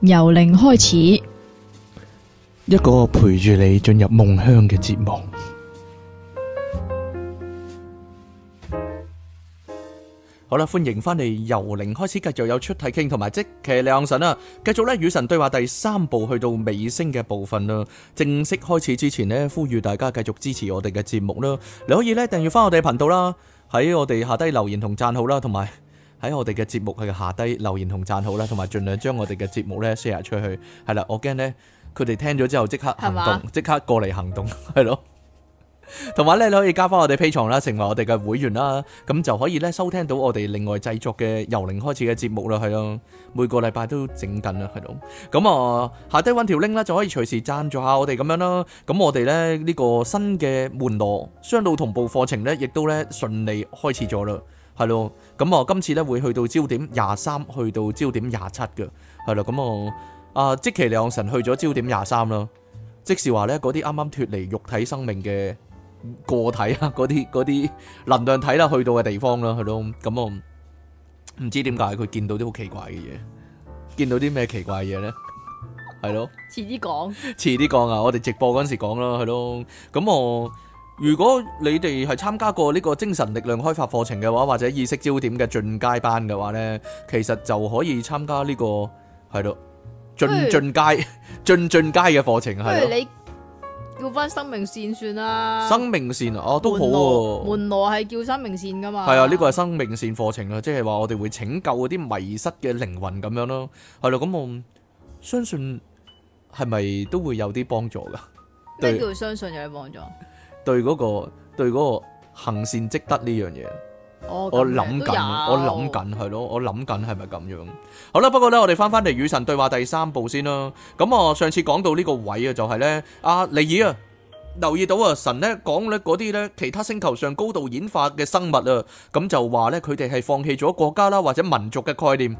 由零開始，一個陪住你進入夢鄉嘅節目。好啦，歡迎翻嚟由零開始，繼續有出題傾同埋即其李昂神啦、啊，繼續呢與神對話第三部去到尾聲嘅部分啦、啊。正式開始之前呢，呼籲大家繼續支持我哋嘅節目啦。你可以呢訂閱翻我哋嘅頻道啦，喺我哋下低留言同讚好啦，同埋。喺我哋嘅節目佢嘅下低留言同讚好啦，同埋盡量將我哋嘅節目咧 share 出去，係啦， 我驚咧佢哋聽咗之後即刻行動，即吧刻過嚟行動，係咯。同埋咧，你可以加翻我哋 P 床啦，成為我哋嘅會員啦，咁就可以咧收聽到我哋另外製作嘅由零開始嘅節目啦，係咯。每個禮拜都整緊啦，係咯。咁啊，下低搵條 link 啦，就可以隨時贊助下我哋咁樣咯。咁我哋咧呢個新嘅門路雙道同步課程咧，亦都咧順利開始咗啦，係咯。咁我今次咧會去到焦點廿三，去到焦點廿七嘅，係啦。咁我啊，即其兩神去咗焦點廿三啦，即是話咧嗰啲啱啱脫離肉體生命嘅個體啊，嗰啲嗰啲能量體啦，去到嘅地方啦，係咯。咁我唔知點解佢見到啲好奇怪嘅嘢，見到啲咩奇怪嘢咧？係咯。遲啲講。遲啲講啊！我哋直播嗰陣時講啦，係咯。咁我。如果你哋係參加過呢個精神力量開發課程嘅話，或者意識焦點嘅進階班嘅話咧，其實就可以參加呢個係咯，進進階進進階嘅課程係咯。不如你要返生命線算啦。生命線，哦，啊，都好喎，啊。門羅係叫生命線噶嘛？係啊，呢個係生命線課程啊，即係話我哋會拯救嗰啲迷失嘅靈魂咁樣咯。係咯，咁我相信係咪都會有啲幫助噶？點叫相信有啲幫助？對 對嗰個對嗰個行善積德呢樣嘢，我諗緊，我諗緊係咯，我諗緊係咪咁樣？好啦，不過咧，我哋翻翻嚟與神對話第三部先啦。咁啊，上次講到呢個位啊，就係咧，阿利爾啊，留意到啊，神咧講咧嗰啲咧，其他星球上高度演化嘅生物啊，咁就話咧，佢哋係放棄咗國家啦或者民族嘅概念，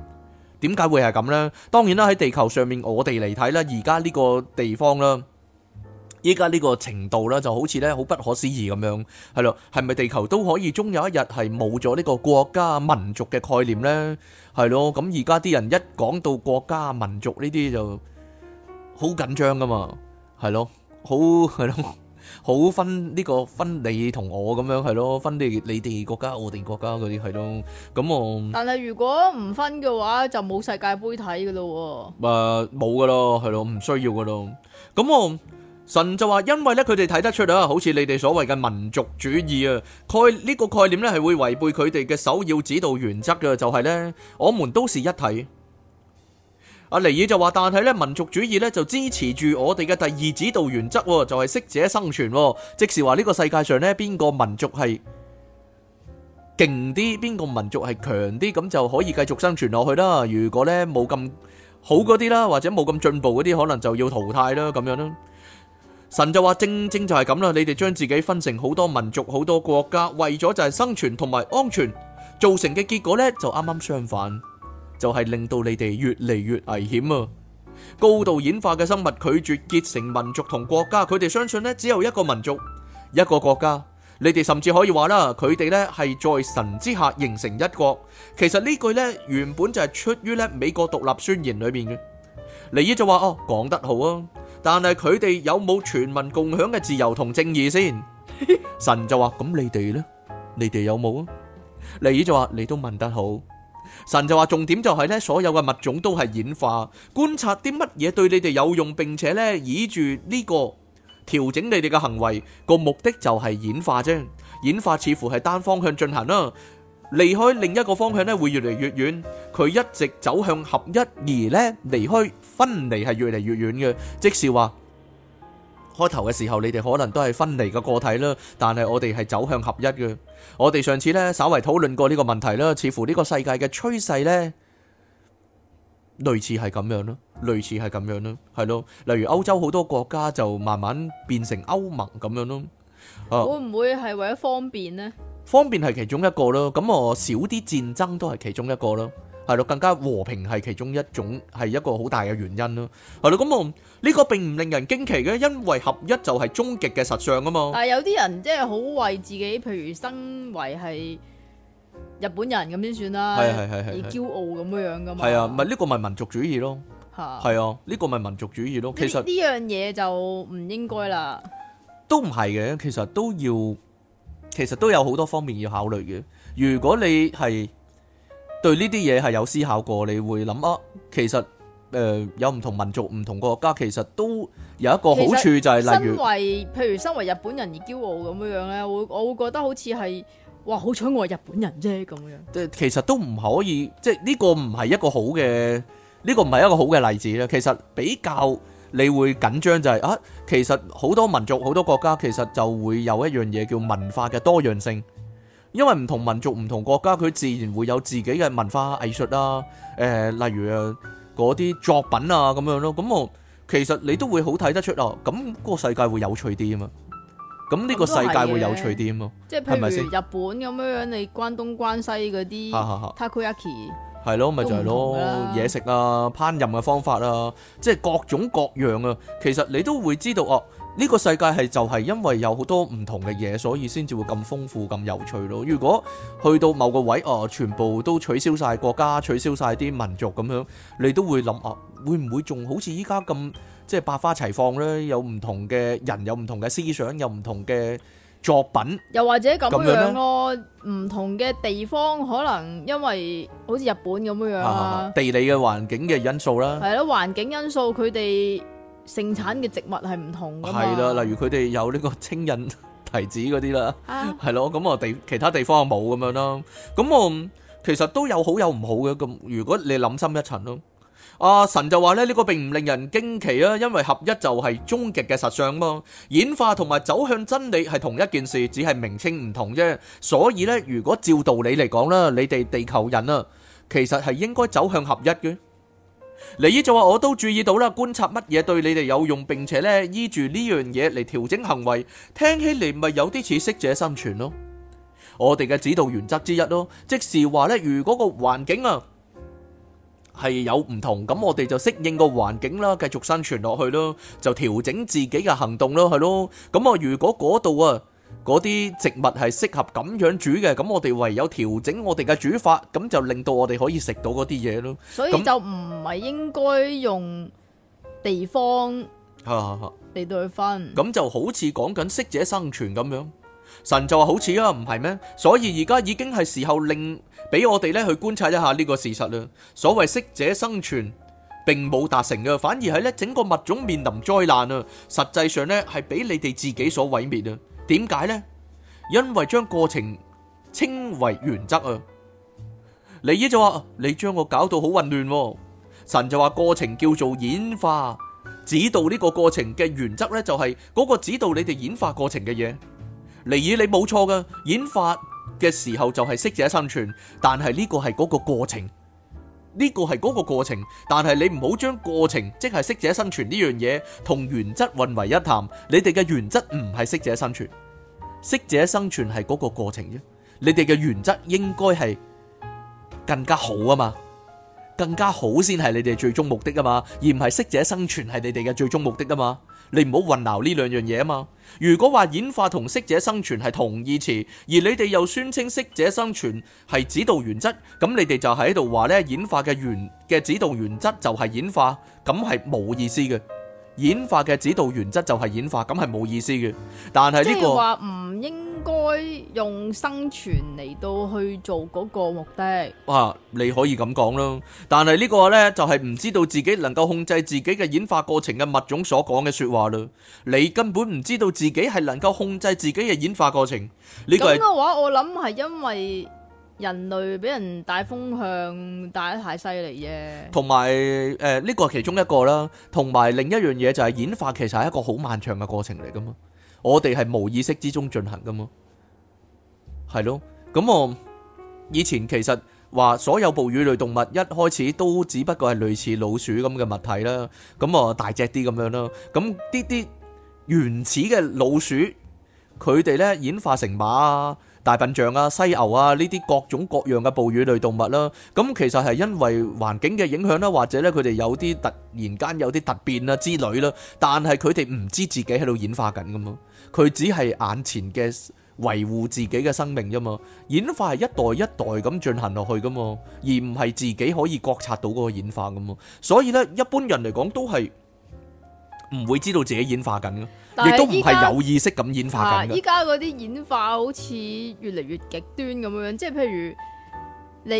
點解會係咁咧？當然啦，喺地球上面我哋嚟睇啦，而家呢個地方啦。依家呢個程度啦，就好似咧好不可思議咁樣，係咯，係咪地球都可以終有一日係冇咗呢個國家民族嘅概念咧？係咯，咁而家啲人一講到國家民族呢啲就，好緊張噶嘛，係咯，好係咯，好分呢個分你同我咁樣，係咯，分你你哋國家，我哋國家嗰啲，係咯，咁我。但係如果唔分嘅話，就冇世界盃睇噶咯。誒，冇噶咯，係咯，唔需要噶咯，咁我。神就話：因為咧，佢哋睇得出啊，好似你哋所謂嘅民族主義啊，概呢、呢個概念咧係會違背佢哋嘅首要指導原則嘅，就係呢，我們都是一體。阿尼爾就話：但係咧，民族主義咧就支持住我哋嘅第二指導原則，就係、是、適者生存。即是話呢個世界上呢，邊個民族係勁啲，邊個民族係強啲，咁就可以繼續生存落去啦。如果呢冇咁好嗰啲啦，或者冇咁進步嗰啲，可能就要淘汰啦，咁樣啦。神就話：正正就係咁啦，你哋將自己分成好多民族、好多國家，為咗就係生存同埋安全造成嘅結果呢，就啱啱相反，就係令到你哋越嚟越危險啊！高度演化嘅生物拒絕結成民族同國家，佢哋相信呢，只有一個民族、一個國家。你哋甚至可以話啦，佢哋呢係在神之下形成一國。其實呢句呢，原本就係出於呢美國獨立宣言裏面嘅。尼爾就話：哦，講得好啊！但係佢哋有冇全民共享嘅自由同正義先？神就話：咁你哋呢，你哋有冇啊？你就話你都問得好。神就話，重點就係呢，所有嘅物種都係演化，觀察啲乜嘢對你哋有用，並且呢倚住呢個調整你哋嘅行為，個目的就係演化啫。演化似乎係單方向進行啦，離開另一個方向呢，會越嚟越遠，佢一直走向合一，而呢離開。分離係越嚟越遠嘅，即是話開頭嘅時候你哋可能都係分離嘅個體啦，但係我哋係走向合一嘅。我哋上次呢稍為討論過呢個問題啦，似乎呢個世界嘅趨勢呢類似係咁樣咯，類似係咁樣咯，係咯。例如歐洲好多國家就慢慢變成歐盟咁樣咯，會唔會係為咗方便呢？啊，方便係其中一個咯，咁我少啲戰爭都係其中一個咯。係咯，更加和平係其中一種，係一個好大嘅原因咯。係咯，咁我，呢個並唔令人驚奇嘅，因為合一就係終極嘅實相啊嘛。但係有啲人即係好為自己，譬如身為係日本人咁先算啦，係，係，係，而驕傲咁樣樣噶嘛。係啊，唔係呢個咪民族主義咯。吓，係啊，呢個咪民族主義咯。其實呢樣嘢就唔應該啦。都唔係嘅，其實都要，其實都有好多方面要考慮嘅。如果你係。對呢啲嘢係有思考過，你會諗啊，其實誒有唔同民族、唔同國家，其實都有一個好處，就係例如，譬如身為日本人而驕傲咁樣樣咧，我我會覺得好似係哇，好彩我係日本人啫咁樣。誒，其實都唔可以，即係呢個唔係一個好嘅，呢個唔係一個好嘅例子咧。其實比較你會緊張就係啊，其實好多民族、好多國家，其實就會有一樣嘢叫文化嘅多樣性。因為唔同民族、唔同國家，佢自然會有自己嘅文化藝術啦、啊。誒、呃，例如啊嗰啲作品啊咁樣咯。咁我其實你都會好睇得出啊。咁、個世界會有趣啲啊嘛。咁呢個世界會有趣啲啊嘛。即係吧譬如日本咁樣樣，你關東關西嗰啲，takoyaki 係咯，咪就係咯，嘢食啊、烹飪嘅方法啊，即係各種各樣啊。其實你都會知道哦。啊呢個世界係就係因為有好多唔同嘅嘢，所以先至會咁豐富、咁有趣咯。如果去到某個位，啊，全部都取消晒國家、取消晒啲民族咁樣，你都會諗啊，會唔會仲好似依家咁，即係百花齊放呢？有唔同嘅人，有唔同嘅思想，有唔同嘅作品，又或者咁樣咯？唔同嘅地方，可能因為好似日本咁樣啊，地理嘅環境嘅因素啦，係咯，環境因素佢哋。盛產嘅植物係唔同噶嘛？係啦，例如佢哋有呢個青印提子嗰啲啦，係咯，咁我哋其他地方啊冇咁樣咯。咁我，其實都有好有唔好嘅。咁如果你諗深一層咯，阿神就話咧，呢個並唔令人驚奇啊，因為合一就係終極嘅實相嘛。演化同埋走向真理係同一件事，只係名稱唔同啫。所以咧，如果照道理嚟講啦，你哋地球人啊，其實係應該走向合一嘅。嚟姨就話：我都注意到啦，觀察乜嘢對你哋有用，並且呢，依住呢樣嘢嚟調整行為，聽起嚟咪有啲似適者生存咯。我哋嘅指導原則之一咯，即是話呢，如果個環境啊係有唔同，咁我哋就適應個環境啦，繼續生存落去咯，就調整自己嘅行動咯，係咯。咁我如果嗰度啊。嗰啲植物係適合咁樣煮嘅，咁我哋唯有調整我哋嘅煮法，咁就令到我哋可以食到嗰啲嘢咯。所以就唔係應該用地方，係係係地對去分。咁就好似講緊適者生存咁樣，神就話好似啊，唔係咩？所以而家已經係時候令俾我哋咧去觀察一下呢個事實啦。所謂適者生存，並冇達成啊，反而係咧整個物種面臨災難啊。實際上咧，係俾你哋自己所毀滅啊。點解呢？因為將過程稱為原則啊！尼爾就話：你將我搞到好混亂。神就話：過程叫做演化，指導呢個過程嘅原則呢，就係嗰個指導你哋演化過程嘅嘢。尼爾，你冇錯噶，演化嘅時候就係適者生存，但係呢個係嗰個過程。呢個係嗰個過程，但係你唔好將過程，即係適者生存呢樣嘢，同原則混為一談。你哋嘅原則唔係適者生存，適者生存係嗰個過程啫。你哋嘅原則應該係更加好啊嘛，更加好先係你哋最終目的啊嘛，而唔係適者生存係你哋嘅最終目的啊嘛。你唔好混淆呢兩樣嘢啊嘛！如果話演化同適者生存係同義詞，而你哋又宣稱適者生存係指導原則，咁你哋就喺度話咧演化嘅原嘅指導原則就係演化，咁係冇意思嘅。演化嘅指導原則就係演化，咁係冇意思嘅。但係呢個即係話唔應該用生存嚟到去做嗰個目的。哇，你可以咁講咯。但係呢個呢，就係唔知道自己能夠控制自己嘅演化過程嘅物種所講嘅説話咯。你根本唔知道自己係能夠控制自己嘅演化過程。咁嘅話，我諗係因為。人類俾人帶風向帶得太犀利啫，同埋誒呢個係其中一個啦。同埋另一樣嘢就係演化，其實係一個好漫長嘅過程嚟噶嘛。我哋係無意識之中進行噶嘛，係咯。咁、嗯、我以前其實話所有哺乳類動物一開始都只不過係類似老鼠咁嘅物體啦。咁、嗯、啊、嗯、大隻啲咁樣咯。咁啲啲原始嘅老鼠，佢哋咧演化成馬，大笨象啊、犀牛啊呢啲各種各樣嘅哺乳類動物啦、啊，咁其實係因為環境嘅影響啦，或者呢，佢哋有啲突然間有啲突變啊之類啦，但係佢哋唔知自己喺度演化緊噶嘛，佢只係眼前嘅維護自己嘅生命啫嘛。演化係一代一代咁進行落去噶嘛，而唔係自己可以覺察到嗰個演化噶嘛，所以呢，一般人嚟講都係。唔會知道自己演化緊嘅，亦都唔係有意識咁演化緊嘅。依家嗰啲演化好似越嚟越極端咁樣，即係譬如你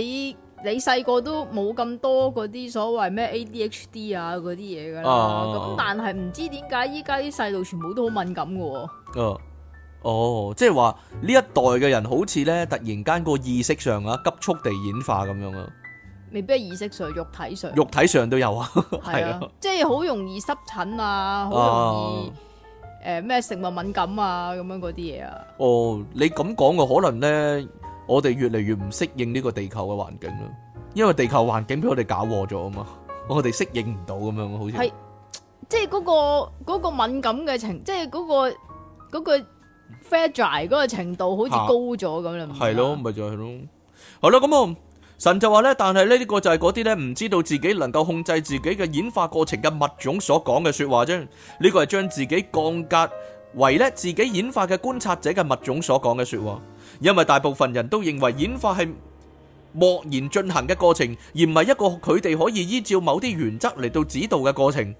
你細個都冇咁多嗰啲所謂咩 ADHD 啊嗰啲嘢㗎啦。咁但係唔知點解依家啲細路全部都好敏感㗎喎，哦。哦，即係話呢一代嘅人好似咧突然間個意識上啊急速地演化咁樣啊。未必係意識上，肉體上，肉體上都有啊。係啊，即係好容易濕疹啊，好容易誒咩食物敏感啊，咁樣嗰啲嘢啊。哦，你咁講嘅可能咧，我哋越嚟越唔適應呢個地球嘅環境啦。因為地球環境俾我哋搞禍咗啊嘛，我哋適應唔到咁樣，好似係即係嗰個嗰個敏感嘅程，即係嗰個嗰個 fair dry 嗰個程度好似高咗咁啦。係咯，咪就係咯。好啦，咁我。神就話咧，但係呢個就係嗰啲咧，唔知道自己能夠控制自己嘅演化過程嘅物種所講嘅說話啫。呢個係將自己降格為咧自己演化嘅觀察者嘅物種所講嘅說話，因為大部分人都認為演化係漠然進行嘅過程，而唔係一個佢哋可以依照某啲原則嚟到指導嘅過程。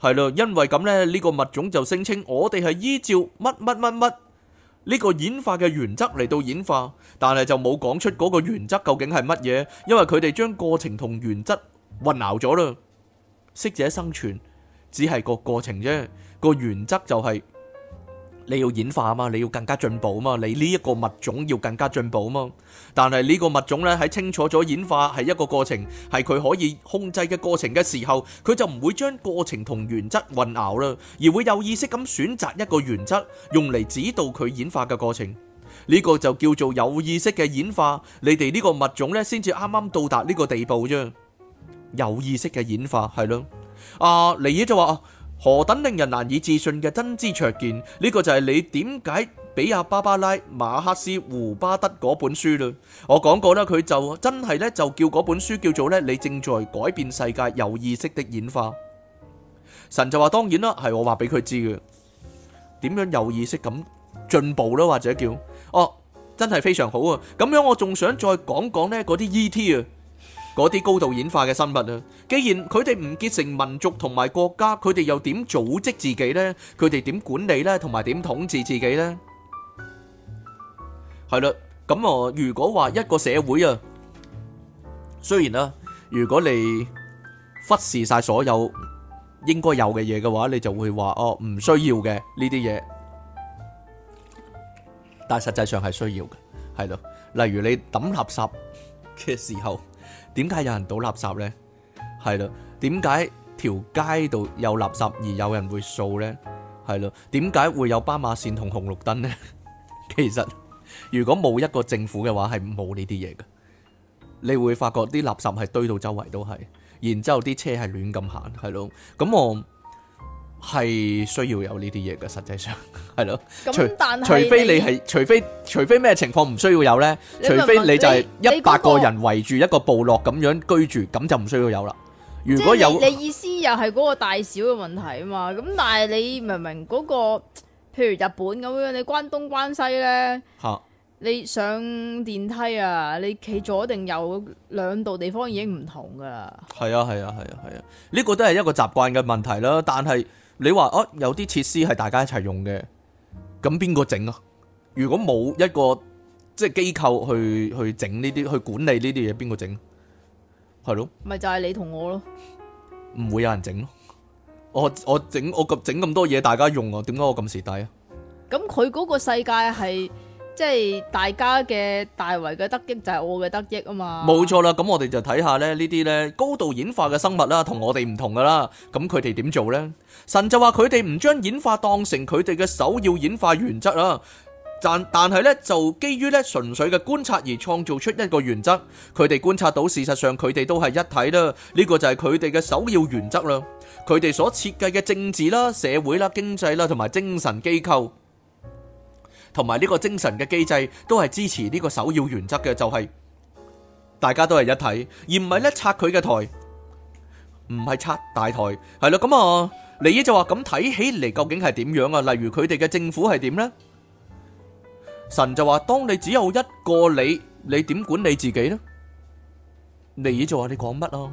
係咯，因為咁呢，呢個物種就聲稱我哋係依照乜乜乜乜。呢個演化嘅原則嚟到演化，但係就冇講出嗰個原則究竟係乜嘢，因為佢哋將過程同原則混淆咗啦。適者生存，只係個過程啫，個原則就係。你要演化嘛？你要更加進步嘛？你呢一個物種要更加進步嘛？但係呢個物種呢，喺清楚咗演化係一個過程，係佢可以控制嘅過程嘅時候，佢就唔會將過程同原則混淆啦，而會有意識咁選擇一個原則用嚟指導佢演化嘅過程。呢個就叫做有意識嘅演化。你哋呢個物種呢，先至啱啱到達呢個地步啫，有意識嘅演化係咯。啊，嚟嘢就話。何等令人難以置信嘅真知灼見？呢個就係你點解俾阿芭芭拉、馬克思、胡巴德嗰本書啦。我講過啦，佢就真係咧就叫嗰本書叫做咧，你正在改變世界，有意識的演化。神就話當然啦，係我話俾佢知嘅。點樣有意識咁進步咧？或者叫哦，真係非常好啊！咁樣我仲想再講講呢嗰啲 ET 啊。嗰啲高度演化嘅生物啊，既然佢哋唔結成民族同埋國家，佢哋又點組織自己呢？佢哋點管理呢？同埋點統治自己呢？係啦，咁啊，如果話一個社會啊，雖然啦，如果你忽視晒所有應該有嘅嘢嘅話，你就會話哦，唔需要嘅呢啲嘢，但係實際上係需要嘅，係咯，例如你抌垃圾嘅時候。點解有人倒垃圾呢？係啦，點解條街度有垃圾而有人會掃呢？係啦，點解會有斑馬線同紅綠燈呢？其實如果冇一個政府嘅話，係冇呢啲嘢㗎。你會發覺啲垃圾係堆到周圍都係，然之後啲車係亂咁行，係咯。咁我。係需要有呢啲嘢嘅，實際上係咯，除除非你係除非除非咩情況唔需要有呢？除非你就係一百個人圍住一個部落咁樣居住，咁就唔需要有啦。如果有，你意思又係嗰個大小嘅問題啊嘛？咁但係你明唔明嗰個？譬如日本咁樣，你關東關西呢，你上電梯啊，你企左定右兩度地方已經唔同噶啦。係啊，係啊，係啊，係啊，呢個都係一個習慣嘅問題啦。但係。你話啊，有啲設施係大家一齊用嘅，咁邊個整啊？如果冇一個即係機構去去整呢啲，去管理呢啲嘢，邊個整？係咯？咪就係你同我咯，唔會有人整咯，啊。我我整我咁整咁多嘢，大家用啊，點解我咁蝕底啊？咁佢嗰個世界係。即係大家嘅大圍嘅得益就係我嘅得益啊嘛，冇錯啦。咁我哋就睇下咧，呢啲咧高度演化嘅生物啦，同我哋唔同噶啦。咁佢哋點做呢？神就話佢哋唔將演化當成佢哋嘅首要演化原則啦，但但係咧就基於咧純粹嘅觀察而創造出一個原則。佢哋觀察到事實上佢哋都係一體啦。呢個就係佢哋嘅首要原則啦。佢哋所設計嘅政治啦、社會啦、經濟啦同埋精神機構，同埋呢個精神嘅機制都係支持呢個首要原則嘅，就係大家都係一體，而唔係咧拆佢嘅台，唔係拆大台。係啦，咁啊，尼爾就話：咁睇起嚟究竟係點樣啊？例如佢哋嘅政府係點呢？神就話：當你只有一個你，你點管理自己呢？尼爾就話：你講乜啊？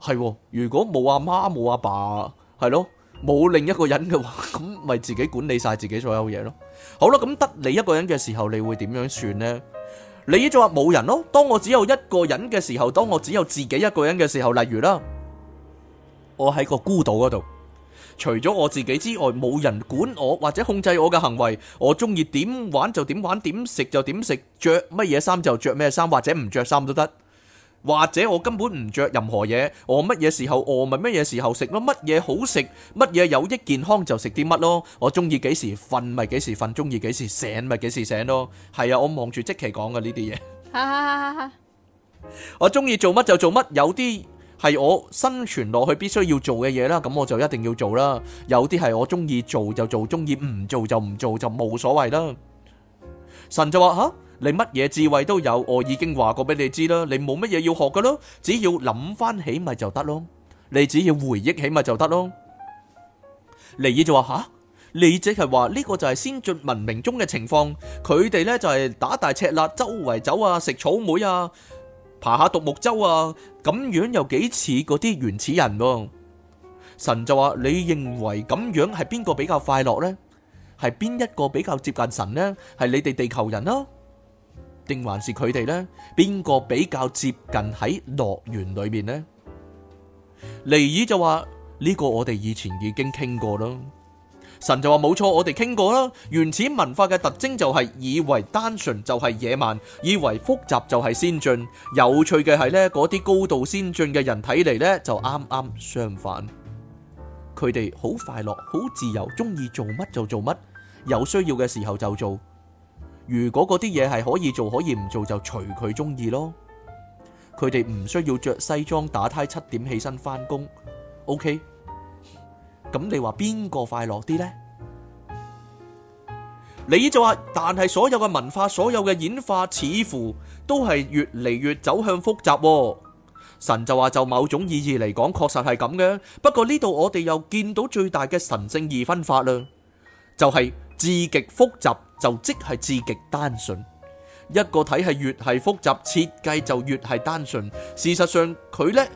係、哦，如果冇阿媽冇阿爸，爸，係咯、哦，冇另一個人嘅話，咁咪自己管理晒自己所有嘢咯。好啦，咁得你一個人嘅時候，你會點樣算呢？你呢種話冇人咯。當我只有一個人嘅時候，當我只有自己一個人嘅時候，例如啦，我喺個孤島嗰度，除咗我自己之外，冇人管我或者控制我嘅行為。我中意點玩就點玩，點食就點食，着乜嘢衫就着咩衫，或者唔着衫都得。或者我根本唔着任何嘢，我乜嘢時候餓咪乜嘢時候食咯，乜嘢好食乜嘢有益健康就食啲乜咯，我中意幾時瞓咪幾時瞓，中意幾時醒咪幾時醒咯。係啊，我望住即其講嘅呢啲嘢。我中意做乜就做乜，有啲係我生存落去必須要做嘅嘢啦，咁我就一定要做啦。有啲係我中意做就做，中意唔做就唔做就冇所謂啦。神就話吓！你乜嘢智慧都有，我已經話過俾你知啦。你冇乜嘢要學噶咯，只要諗翻起咪就得咯。你只要回憶起咪就得咯。尼爾就話：吓，尼爾係話呢個就係先進文明中嘅情況，佢哋呢就係打大赤肋周圍走啊，食草莓啊，爬下獨木舟啊，咁樣又幾似嗰啲原始人。神就話：你認為咁樣係邊個比較快樂呢？係邊一個比較接近神呢？係你哋地球人咯？定還是佢哋呢？邊個比較接近喺樂園裏面呢？尼爾就話呢個我哋以前已經傾過啦。神就話冇錯，我哋傾過啦。原始文化嘅特徵就係以為單純就係野蠻，以為複雜就係先進。有趣嘅係呢，嗰啲高度先進嘅人睇嚟呢，就啱啱相反。佢哋好快樂，好自由，中意做乜就做乜，有需要嘅時候就做。如果嗰啲嘢係可以做可以唔做，就隨佢中意咯。佢哋唔需要着西裝打呔七點起身翻工，OK，咁你話邊個快樂啲呢？你就話，但係所有嘅文化，所有嘅演化，似乎都係越嚟越走向複雜。神就話，就某種意義嚟講，確實係咁嘅。不過呢度我哋又見到最大嘅神聖二分法啦，就係。至極複雜就即係至極單純，一個體係越係複雜設計就越係單純。事實上佢呢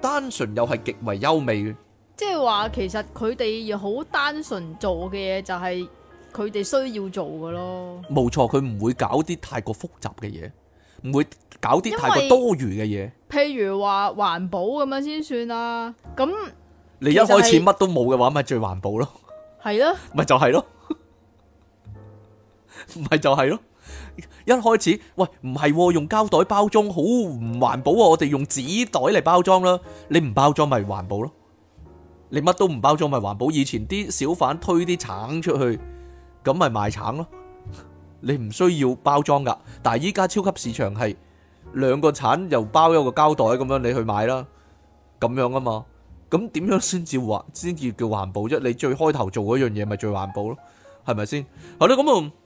單純又係極為優美嘅。即係話，其實佢哋又好單純做嘅嘢，就係佢哋需要做嘅咯。冇錯，佢唔會搞啲太過複雜嘅嘢，唔會搞啲太過多餘嘅嘢。譬如話環保咁樣先算啊？咁你一開始乜都冇嘅話，咪、就是、最環保咯？係咯的，咪 就係咯。唔係就係咯。一開始喂唔係，哦、用膠袋包裝，好唔環保喎，哦。我哋用紙袋嚟包裝啦。你唔包裝咪環保咯。你乜都唔包裝咪環保。以前啲小販推啲橙出去，咁咪賣橙咯。你唔需要包裝噶，但係依家超級市場係兩個橙又包一個膠袋咁樣，你去買啦。咁樣啊嘛，咁點樣先至環先至叫環保啫？你最開頭做嗰樣嘢咪最環保咯，係咪先係咯？咁，嗯、啊～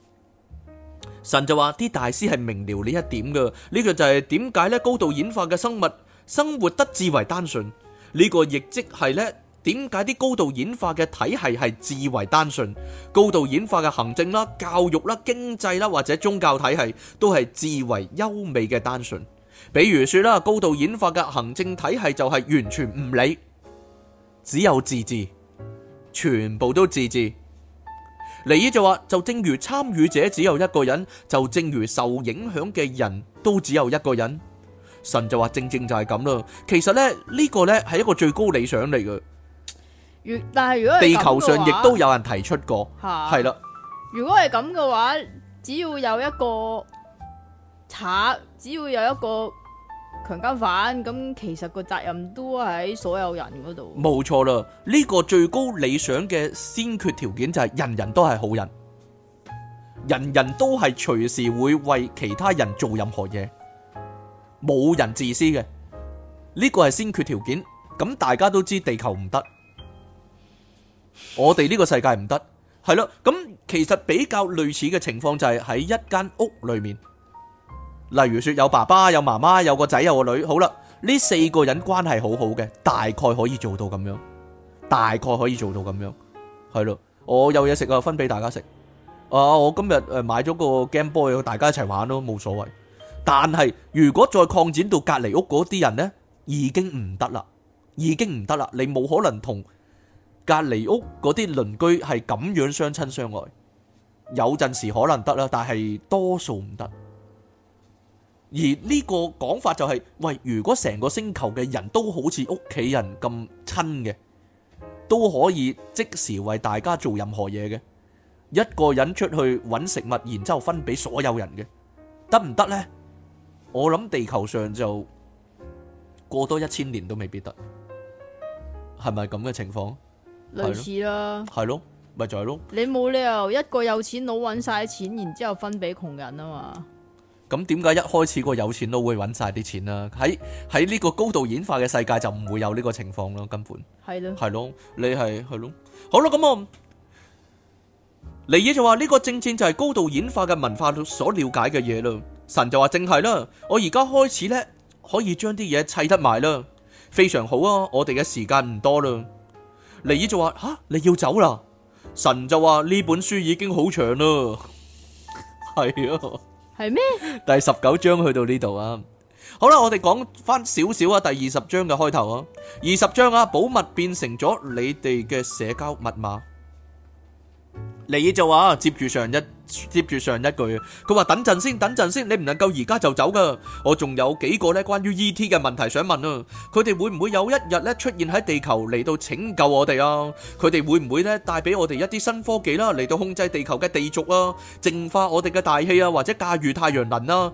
神就話啲大師係明了呢一點㗎。呢個就係點解呢，高度演化嘅生物生活得至為單純呢、呢個亦即係呢，點解啲高度演化嘅體系係至為單純，高度演化嘅行政啦、教育啦、經濟啦或者宗教體系都係至為優美嘅單純。比如說啦，高度演化嘅行政體系就係完全唔理，只有自治，全部都自治。你呢就話，就正如參與者只有一個人，就正如受影響嘅人都只有一個人。神就話，正正就係咁啦。其實咧，這個、呢個咧係一個最高理想嚟嘅。如，但係如果地球上亦都有人提出過，係啦。如果係咁嘅話，只要有一個查，只要有一個。強姦犯咁，其實個責任都喺所有人嗰度。冇錯啦，呢個最高理想嘅先決條件就係人人都係好人，人人都係隨時會為其他人做任何嘢，冇人自私嘅。呢個係先決條件。咁大家都知地球唔得，我哋呢個世界唔得，係咯。咁其實比較類似嘅情況就係喺一間屋裏面。例如說有爸爸、有媽媽、有個仔、有個女，好啦，呢四個人關係好好嘅，大概可以做到咁樣，大概可以做到咁樣，係咯，我有嘢食啊，分俾大家食啊，我今日誒買咗個 Game Boy，大家一齊玩咯，冇所謂。但係如果再擴展到隔籬屋嗰啲人呢，已經唔得啦，已經唔得啦，你冇可能同隔籬屋嗰啲鄰居係咁樣相親相愛。有陣時可能得啦，但係多數唔得。而呢個講法就係：喂，如果成個星球嘅人都好似屋企人咁親嘅，都可以即時為大家做任何嘢嘅，一個人出去揾食物，然之後分俾所有人嘅，得唔得呢？我諗地球上就過多一千年都未必得，係咪咁嘅情況？類似啦，係咯，咪就係咯。你冇理由一個有錢佬揾晒錢，然之後分俾窮人啊嘛？咁點解一開始個有錢都會搵晒啲錢啦？喺喺呢個高度演化嘅世界就唔會有呢個情況咯，根本係咯，係咯的，你係係咯，好啦，咁啊，尼爾就話呢、這個正正就係高度演化嘅文化所了解嘅嘢啦。神就話正係啦，我而家開始呢，可以將啲嘢砌得埋啦，非常好啊！我哋嘅時間唔多啦。尼爾就話吓、啊、你要走啦，神就話呢本書已經好長啦，係啊。係咩？第十九章去到呢度啊，好啦，我哋講翻少少啊，第二十章嘅開頭啊，二十章啊，保密變成咗你哋嘅社交密碼。你就話，接住上一接住上一句，佢話，等陣先，等陣先，你唔能夠而家就走噶，我仲有幾個咧關於 ET 嘅問題想問啊，佢哋會唔會有一日咧出現喺地球嚟，到拯救我哋啊？佢哋會唔會咧帶俾我哋一啲新科技啦，嚟到控制地球嘅地軸啊，淨化我哋嘅大氣啊，或者駕馭太陽能啊？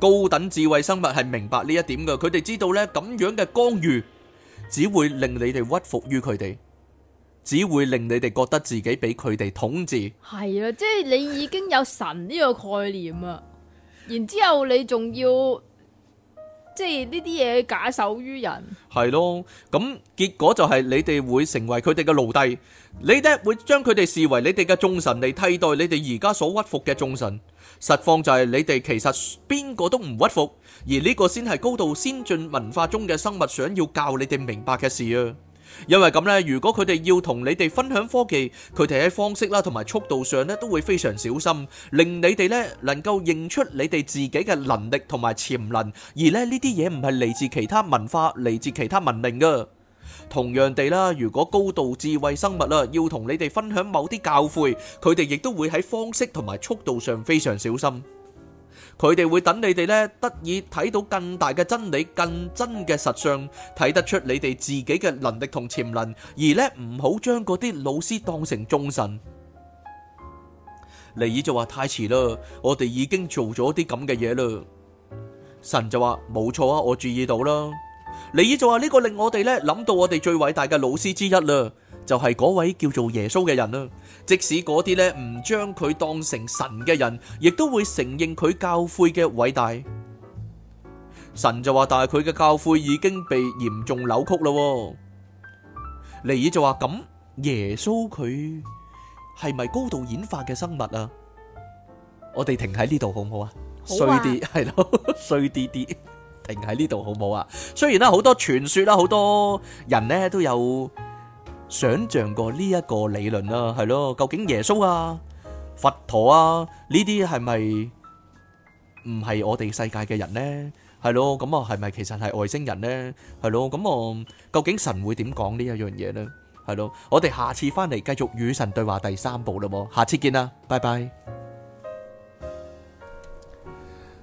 高等智慧生物係明白呢一點嘅。佢哋知道呢，咁樣嘅干預，只會令你哋屈服於佢哋，只會令你哋覺得自己俾佢哋統治。係啊，即係你已經有神呢個概念啊，然之後你仲要即係呢啲嘢假手於人，係咯。咁結果就係你哋會成為佢哋嘅奴隸，你哋會將佢哋視為你哋嘅眾神嚟替代你哋而家所屈服嘅眾神。實況就係你哋其實邊個都唔屈服，而呢個先係高度先進文化中嘅生物想要教你哋明白嘅事啊！因為咁呢，如果佢哋要同你哋分享科技，佢哋喺方式啦同埋速度上呢都會非常小心，令你哋呢能夠認出你哋自己嘅能力同埋潛能，而呢呢啲嘢唔係嚟自其他文化、嚟自其他文明噶。同樣地啦，如果高度智慧生物啦，要同你哋分享某啲教誨，佢哋亦都會喺方式同埋速度上非常小心。佢哋會等你哋呢得以睇到更大嘅真理、更真嘅實相，睇得出你哋自己嘅能力同潛能，而呢，唔好將嗰啲老師當成眾神。尼爾就話太遲啦，我哋已經做咗啲咁嘅嘢啦。神就話冇錯啊，我注意到啦。尼爾就話呢個令我哋咧諗到我哋最偉大嘅老師之一啦，就係、是、嗰位叫做耶穌嘅人啦。即使嗰啲咧唔將佢當成神嘅人，亦都會承認佢教誨嘅偉大。神就話，但係佢嘅教誨已經被嚴重扭曲喎。尼爾就話咁，耶穌佢係咪高度演化嘅生物啊？我哋停喺呢度好唔好，好啊？衰啲係咯，衰啲啲。定喺呢度好唔好啊？雖然啦，好多傳說啦，好多人咧都有想象過呢一個理論啦，係咯。究竟耶穌啊、佛陀啊呢啲係咪唔係我哋世界嘅人咧？係咯，咁啊係咪其實係外星人咧？係咯，咁我究竟神會點講呢一樣嘢咧？係咯，我哋下次翻嚟繼續與神對話第三部啦，下次見啦，拜拜。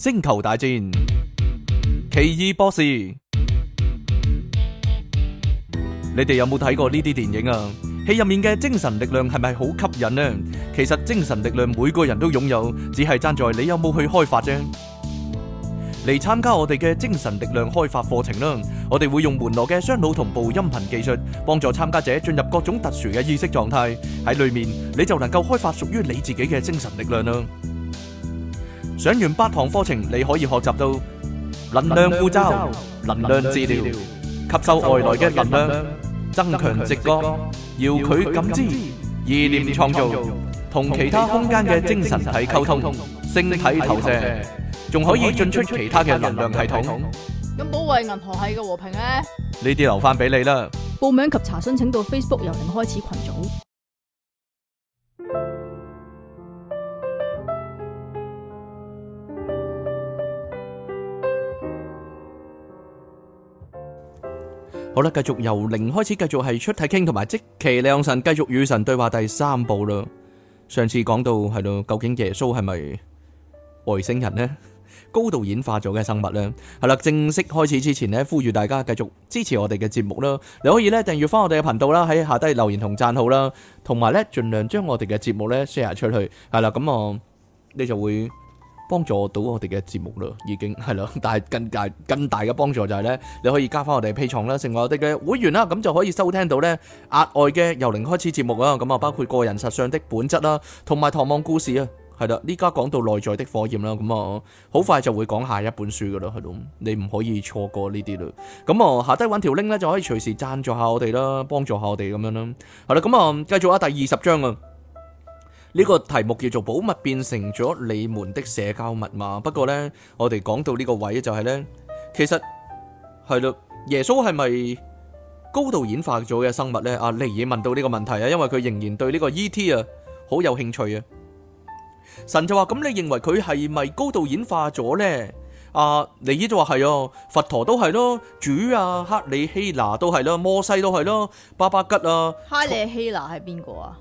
星球大戰、奇異博士，你哋有冇睇過呢啲電影啊？戲入面嘅精神力量係咪好吸引呢？其實精神力量每個人都擁有，只係爭在你有冇去開發啫。嚟參加我哋嘅精神力量開發課程啦！我哋會用門羅嘅雙腦同步音頻技術，幫助參加者進入各種特殊嘅意識狀態。喺裏面你就能夠開發屬於你自己嘅精神力量啦。上完八堂課程，你可以學習到能量護罩、能量治療、吸收外來嘅能量、增強直覺、遙距感知、意念創造、同其他空間嘅精神體溝通、星體投射，仲可以進出其他嘅能量系統。咁保衛銀河系嘅和平咧？呢啲留翻俾你啦。報名及查詢請到 Facebook 由零開始群組。好啦，繼續由零開始，繼續係出體傾同埋即奇亮神繼續與神對話第三部啦。上次講到係咯，究竟耶穌係咪外星人呢？高度演化咗嘅生物呢？係啦，正式開始之前呢，呼籲大家繼續支持我哋嘅節目啦。你可以呢訂閱翻我哋嘅頻道啦，喺下低留言同讚好啦，同埋呢盡量將我哋嘅節目呢 share 出去係啦。咁我、嗯、你就會。幫助到我哋嘅節目啦，已經係啦，但係更大更大嘅幫助就係咧，你可以加翻我哋 pay 牆啦，成為我哋嘅會員啦，咁就可以收聽到咧額外嘅由零開始節目啦，咁啊包括個人實相的本質啦，同埋唐望故事啊，係啦，呢家講到內在的火焰啦，咁啊好快就會講下一本書噶啦，係咯，你唔可以錯過呢啲啦，咁啊下低揾條鈴咧就可以隨時贊助下我哋啦，幫助下我哋咁樣啦，係啦，咁啊繼續啊第二十章啊。呢個題目叫做保密變成咗你們的社交密碼。不過咧，我哋講到呢個位就係咧，其實係咯，耶穌係咪高度演化咗嘅生物咧？阿尼爾問到呢個問題啊，因為佢仍然對呢個 E.T. 啊好有興趣啊。神就話：咁你認為佢係咪高度演化咗咧？阿尼爾就話：係哦，佛陀都係咯，主啊，克里希納都係咯，摩西都係咯，巴巴吉啊。哈里希納係邊個啊？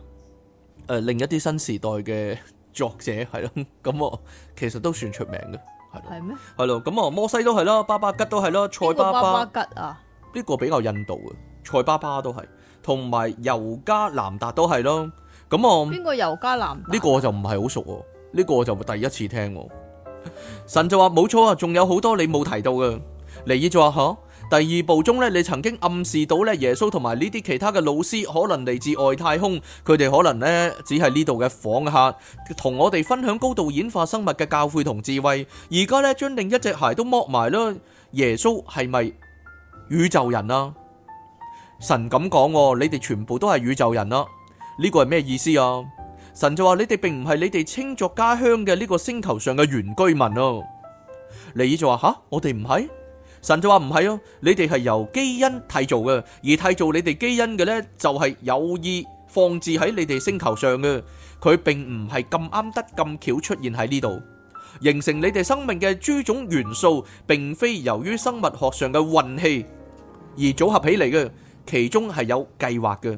誒、呃，另一啲新時代嘅作者係咯，咁啊，其實都算出名嘅，係咯。係咩？係咯，咁啊，摩西都係咯，巴巴吉都係咯，嗯、塞巴巴爸爸吉啊，呢個比較印度嘅，塞巴巴都係，同埋尤加南達都係咯，咁啊，邊、個尤加南？呢個我就唔係好熟喎，呢個我就第一次聽、啊。神就話冇錯啊，仲有好多你冇提到嘅，尼爾就話吓。第二部中咧，你曾經暗示到咧耶穌同埋呢啲其他嘅老師可能嚟自外太空，佢哋可能呢，只係呢度嘅訪客，同我哋分享高度演化生物嘅教誨同智慧。而家呢，將另一隻鞋都剝埋啦，耶穌係咪宇宙人啊？神咁講，你哋全部都係宇宙人啊。呢個係咩意思啊？神就話你哋並唔係你哋稱作家鄉嘅呢個星球上嘅原居民啊？你就話吓，我哋唔係。神就話唔係啊，你哋係由基因締造嘅，而締造你哋基因嘅呢，就係有意放置喺你哋星球上嘅，佢並唔係咁啱得咁巧出現喺呢度，形成你哋生命嘅諸種元素，並非由於生物學上嘅運氣而組合起嚟，嘅，其中係有計劃嘅。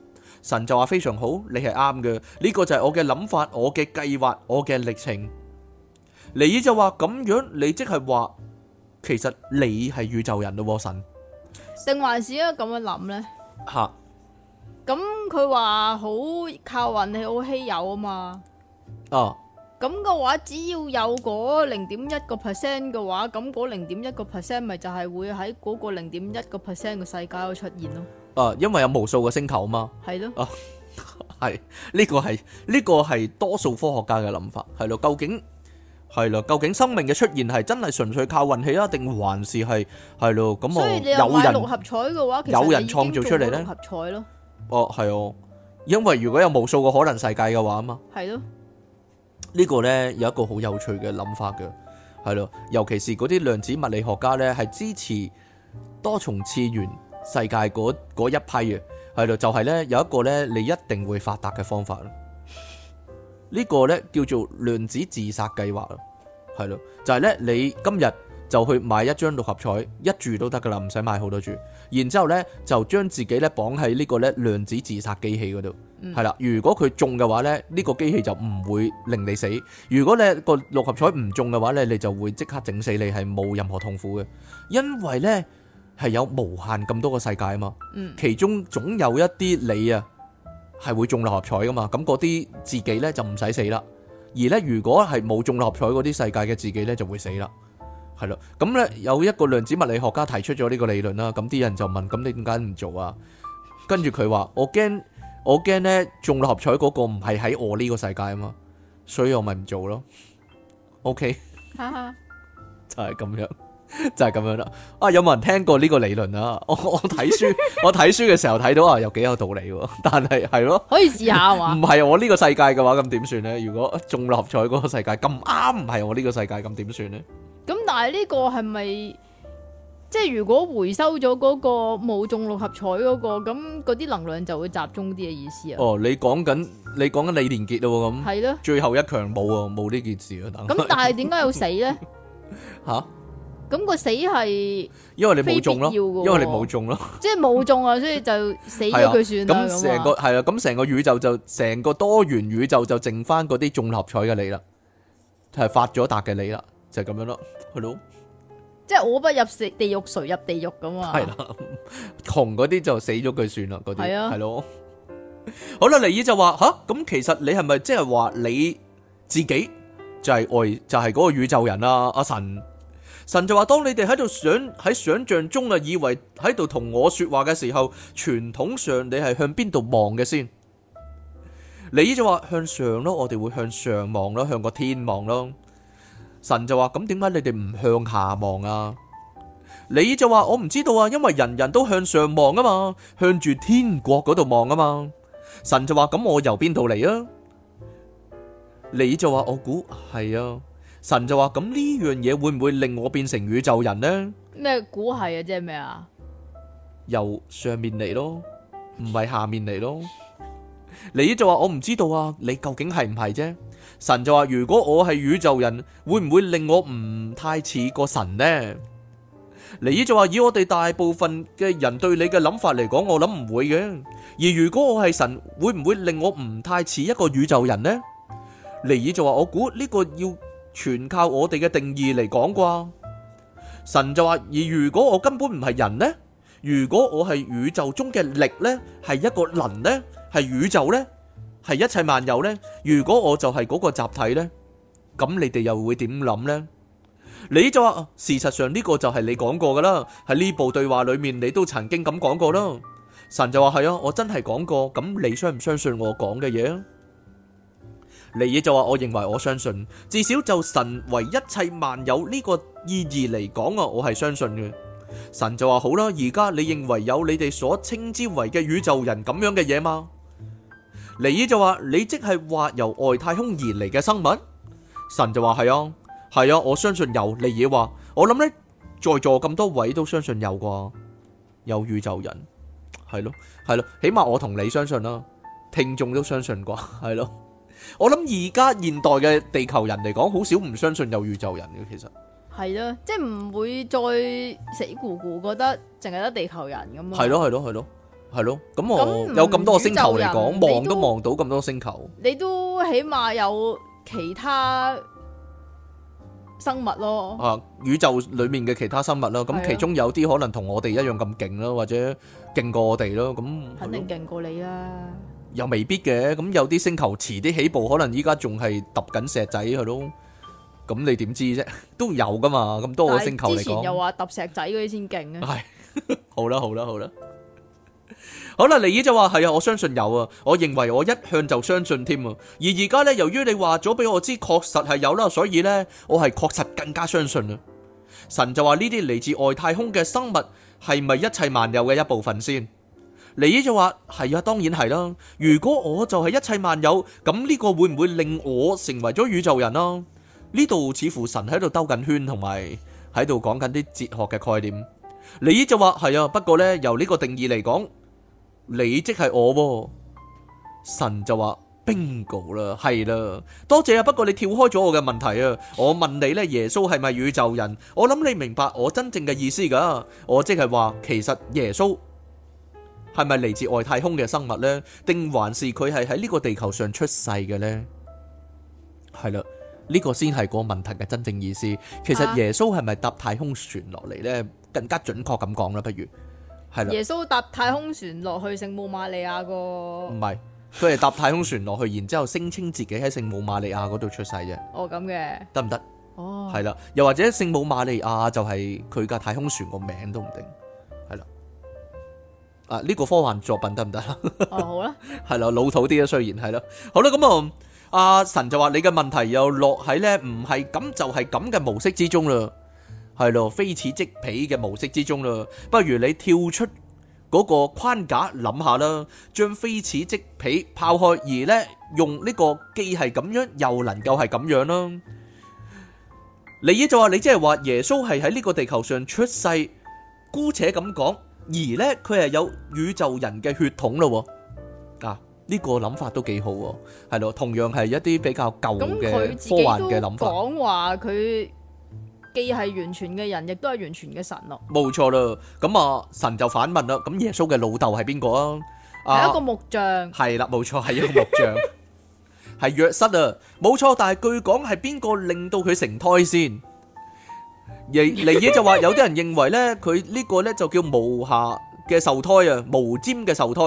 神就話非常好，你係啱嘅，呢個就係我嘅諗法，我嘅計劃，我嘅歷程。你就話咁樣，你即係話，其實你係宇宙人咯，神？定還是啊咁樣諗呢，吓哈，咁佢話好靠運氣，好稀有啊嘛。哦、啊，咁嘅話，只要有嗰零點一個 percent 嘅話，咁嗰零點一個 percent 咪就係會喺嗰個零點一個 percent 嘅世界嗰出現咯。啊，因為有無數個星球嘛，係咯的，係呢、啊這個係呢、這個係多數科學家嘅諗法，係咯，究竟係咯，究竟生命嘅出現係真係純粹靠運氣啊，定還是係係咯，咁我有人六合彩嘅話，有人創造出嚟咧，六合彩咯，哦、啊，係哦，因為如果有無數個可能世界嘅話嘛，係咯的，這個呢個咧有一個好有趣嘅諗法嘅，係咯，尤其是嗰啲量子物理學家咧係支持多重次元。世界嗰一批嘅，係咯，就係咧有一個咧你一定會發達嘅方法咯。呢個咧叫做量子自殺計劃咯，係咯，就係咧你今日就去買一張六合彩一注都得噶啦，唔使買好多注。然之後咧就將自己咧綁喺呢個咧量子自殺機器嗰度，係啦。如果佢中嘅話咧，呢個機器就唔會令你死；如果你個六合彩唔中嘅話咧，你就會即刻整死你，係冇任何痛苦嘅，因為咧。係有無限咁多個世界啊嘛，其中總有一啲你啊係會中六合彩噶嘛，咁嗰啲自己咧就唔使死啦，而咧如果係冇中六合彩嗰啲世界嘅自己咧就會死啦，係啦，咁咧有一個量子物理學家提出咗呢個理論啦，咁啲人就問，咁你點解唔做啊？跟住佢話我驚我驚咧中六合彩嗰個唔係喺我呢個世界啊嘛，所以我咪唔做咯。OK，就係咁樣。就係咁樣啦，啊有冇人聽過呢個理論啊？ 我我睇書，我睇書嘅時候睇到啊，又幾有道理，但係係咯，可以試下話，唔係我呢個世界嘅話，咁點算呢？如果中六合彩嗰個世界咁啱唔係我呢個世界，咁點算呢？咁但係呢個係咪即係如果回收咗嗰個冇中六合彩嗰個，咁嗰啲能量就會集中啲嘅意思啊？哦，你講緊你講緊李連杰咯。咁，係咯，最後一強冇啊，冇呢件事啊，等，咁但係點解要死呢？吓、 啊？咁個死係，因為你冇中咯，因為你冇中咯，即係冇中啊，所以就死咗佢算咁成、啊、個係啦，咁成、 啊、個宇宙就成個多元宇宙就剩翻嗰啲中六合彩嘅你啦，係發咗達嘅你啦，就係、是、咁樣咯。係咯，即係我不入地獄誰入地獄咁啊？係啦，窮嗰啲就死咗佢算啦，嗰啲係啊，係咯。好啦，尼爾就話吓，咁其實你係咪即係話你自己就係外就係嗰個宇宙人啦、啊，阿神。神就話：當你哋喺度想喺想象中啊，以為喺度同我說話嘅時候，傳統上你係向邊度望嘅先？你就話向上咯，我哋會向上望咯，向個天望咯。神就話：咁點解你哋唔向下望啊？你就話：我唔知道啊，因為人人都向上望啊嘛，向住天國嗰度望啊嘛。神就話：咁我由邊度嚟啊？你就話：我估係啊。神就話，咁呢樣嘢，會唔會令我變成宇宙人呢？你估係啊？即係咩啊？由上面嚟咯，唔係下面嚟咯。尼爾就話，我唔知道啊，你究竟係唔係啫？神就話，如果我係宇宙人，會唔會令我唔太似個神呢？尼爾就話，以我哋大部分嘅人對你嘅諗法嚟講，我諗唔會嘅。而如果我係神，會唔會令我唔太似一個宇宙人呢？尼爾就話，我估呢個要，全靠我哋嘅定義嚟講啩。神就話，而如果我根本唔係人呢？如果我係宇宙中嘅力呢？係一個能呢？係宇宙呢？係一切萬有呢？如果我就係嗰個集體呢？咁你哋又會點諗呢？你就話事實上呢個就係你講過噶啦，喺呢部對話裏面你都曾經咁講過啦。神就話，係啊，我真係講過，咁你相唔相信我講嘅嘢？尼爾就話：我認為我相信，至少就神為一切萬有呢個意義嚟講啊，我係相信嘅。神就話好啦，而家你認為有你哋所稱之為嘅宇宙人咁樣嘅嘢嗎？尼爾就話：你即係話由外太空而嚟嘅生物？神就話：係啊，係啊，我相信有。尼爾話：我諗咧，在座咁多位都相信有啩，有宇宙人，係咯、啊，係咯、啊，起碼我同你相信啦，聽眾都相信啩，係咯、啊。我諗而家現代嘅地球人嚟講，好少唔相信有宇宙人嘅。其實係咯，即係唔會再死咕咕，覺得淨係得地球人咁樣。係咯係咯係咯係咯，咁我有咁多個星球嚟講，望都望到咁多星球，你都起碼有其他生物咯。啊，宇宙裏面嘅其他生物咯，咁其中有啲可能同我哋一樣咁勁咯，或者勁過我哋咯，咁肯定勁過你啦。又未必嘅，咁有啲星球遲啲起步，可能依家仲係揼緊石仔佢咯。咁你點知啫？都有噶嘛，咁多個星球嚟講，又話揼石仔嗰啲先勁啊！係好啦，好啦，好啦，好啦，尼爾就話係啊，我相信有啊，我認為我一向就相信添啊。而而家咧，由於你話咗俾我知，確實係有啦，所以咧，我係確實更加相信啦。神就話呢啲嚟自外太空嘅生物，係咪一切萬有嘅一部分先？李姨就話：係啊，當然係啦、啊。如果我就係一切萬有，咁呢個會唔會令我成為咗宇宙人啊？呢度似乎神喺度兜緊圈，同埋喺度講緊啲哲學嘅概念。李姨就話：係啊，不過呢，由呢個定義嚟講，你即係我、啊。神就話：Bingo 啦，係啦、啊，多謝啊。不過你跳開咗我嘅問題啊，我問你呢，耶穌係咪宇宙人？我諗你明白我真正嘅意思噶、啊。我即係話，其實耶穌。係咪嚟自外太空嘅生物呢？定還是佢係喺呢個地球上出世嘅呢？係啦，呢個先係個問題嘅真正意思。其實耶穌係咪搭太空船落嚟呢？更加準確咁講啦，不如係啦。耶穌搭太空船落去聖母瑪利亞個？唔係，佢係搭太空船落去， 然之後聲稱自己喺聖母瑪利亞嗰度出世嘅。哦，咁嘅得唔得？哦，係啦，又或者聖母瑪利亞就係佢嘅太空船個名都唔定。啊！呢個科幻作品得唔得啦？哦，好啦，係啦，老土啲啊，雖然係啦，好啦，咁啊，阿神就話你嘅問題又落喺呢，唔係咁就係咁嘅模式之中啦，係咯，非此即彼嘅模式之中啦，不如你跳出嗰個框架諗下啦，將非此即彼拋開，而呢用呢個既係咁樣又能夠係咁樣啦。你呢就話你即係話耶穌係喺呢個地球上出世，姑且咁講。而咧，佢係有宇宙人嘅血統咯，啊！呢個諗法都幾好，係咯，同樣係一啲比較舊嘅科幻嘅諗法。講話佢既係完全嘅人，亦都係完全嘅神咯。冇錯啦，咁啊，神就反問啦，咁耶穌嘅老豆係邊個啊？係一個木匠，係啦，冇錯，係一個木匠，係約瑟啊，冇錯，但係據講係邊個令到佢成胎先？尼爾就話有啲人認為咧，佢呢個咧就叫無瑕嘅受胎啊，無尖嘅受胎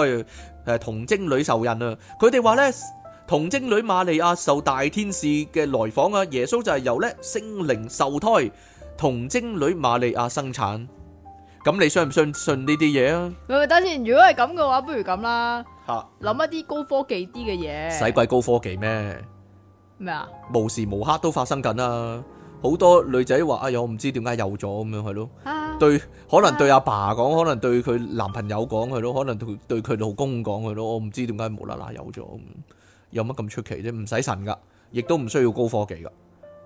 啊，誒童貞女受孕啊，佢哋話咧童貞女瑪利亞受大天使嘅來訪啊，耶穌就係由咧聖靈受胎，童貞女瑪利亞生產。咁你相唔相信呢啲嘢啊？咪咪等先，如果係咁嘅話，不如咁啦，諗一啲高科技啲嘅嘢。使鬼高科技咩？咩啊？無時無刻都發生緊啊！好多女仔話：哎呀，我唔知點解有咗咁樣，係咯？對，可能對阿爸講，可能對佢男朋友講，係咯？可能對佢老公講，係咯？我唔知點解無啦啦有咗，有乜咁出奇啫？唔使神噶，亦都唔需要高科技噶，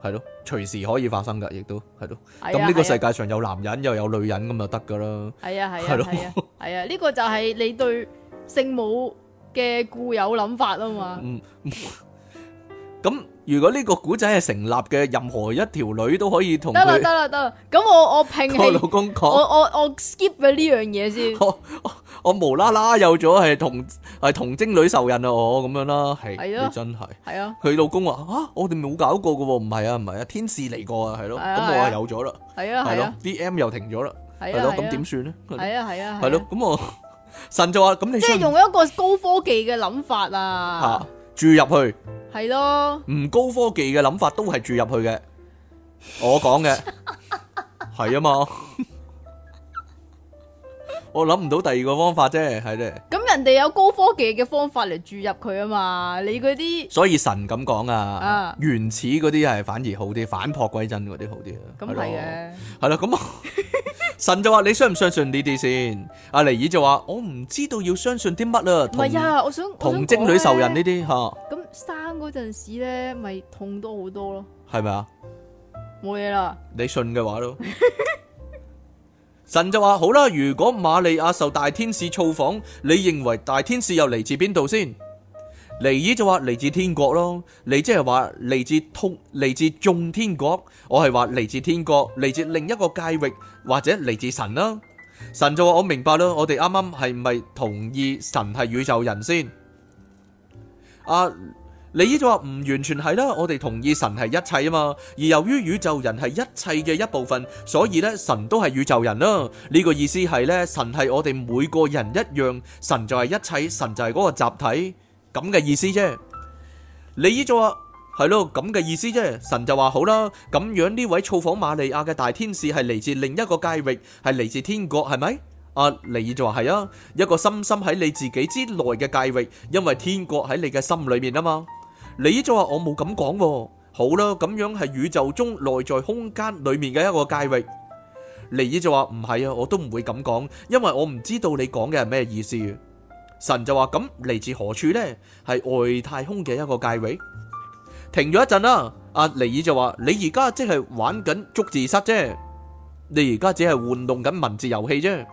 係咯？隨時可以發生噶，亦都係咯。咁呢個世界上有男人又有女人咁就得噶啦。係啊，係啊，係咯，係啊，呢個就係你對聖母嘅固有諗法啊嘛。咁。如果呢個古仔係成立嘅，任何一條女都可以同佢。得啦得啦得啦，咁我我拼佢老公講，我我我 skip 咗呢樣嘢先。我我我無啦啦有咗係同係同精女受孕啊！我咁樣啦，係你真係。係啊。佢老公話吓，我哋冇搞過噶。唔係啊唔係啊，天使嚟過啊，係咯，咁我係有咗啦。係啊。係咯。DM 又停咗啦。係啊。係咯，咁點算咧？係啊係啊。係咯，咁我神就話咁你。即係用一個高科技嘅諗法啊！吓，注入去。係咯，唔高科技嘅諗法都係注入去嘅，我講嘅係啊嘛， 我諗唔到第二個方法啫，係咧。咁人哋有高科技嘅方法嚟注入佢啊嘛，你嗰啲所以神咁講啊，原始嗰啲係反而好啲，反璞歸真嗰啲好啲啊。咁係嘅，係啦，咁神就話你相唔相信呢啲先？阿尼爾就話我唔知道要相信啲乜啊，同，唔係啊，我想，同精女仇人呢啲吓。生嗰陣時咧，咪痛多好多咯？係咪啊？冇嘢啦。你信嘅話咯， 神就話好啦。如果瑪利亞受大天使造訪，你認為大天使又嚟自邊度先？尼爾就話嚟自天國咯。你即係話嚟自通嚟自眾天國，我係話嚟自天國嚟自另一個界域或者嚟自神啦。神就話我明白啦。我哋啱啱係唔係同意神係宇宙人先？啊，你依就話唔完全係啦，我哋同意神係一切啊嘛，而由於宇宙人係一切嘅一部分，所以呢，神都係宇宙人啦。呢、這個意思係呢，神係我哋每個人一樣，神就係一切，神就係嗰個集體咁嘅意思啫。你依就話係咯，咁嘅意思啫。神就話好啦，咁樣呢位造訪瑪利亞嘅大天使係嚟自另一個界域，係嚟自天國，係咪？阿尼爾就話係啊，一個深深喺你自己之內嘅界域，因為天國喺你嘅心裏面啊嘛。尼爾就話我冇咁講，好啦，咁樣係宇宙中內在空間裏面嘅一個界域。尼爾就話唔係啊，我都唔會咁講，因為我唔知道你講嘅係咩意思。神就話咁嚟自何處呢？係外太空嘅一個界域。停咗一陣啦，阿尼爾就話你而家即係玩緊捉字虱啫，你而家只係玩弄緊文字遊戲啫。